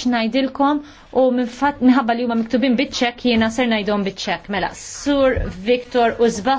xnajdilkom u minħabba li huma miktubin bitċek jiena ser najdom bitċek. Mela, Sur Viktor Uzba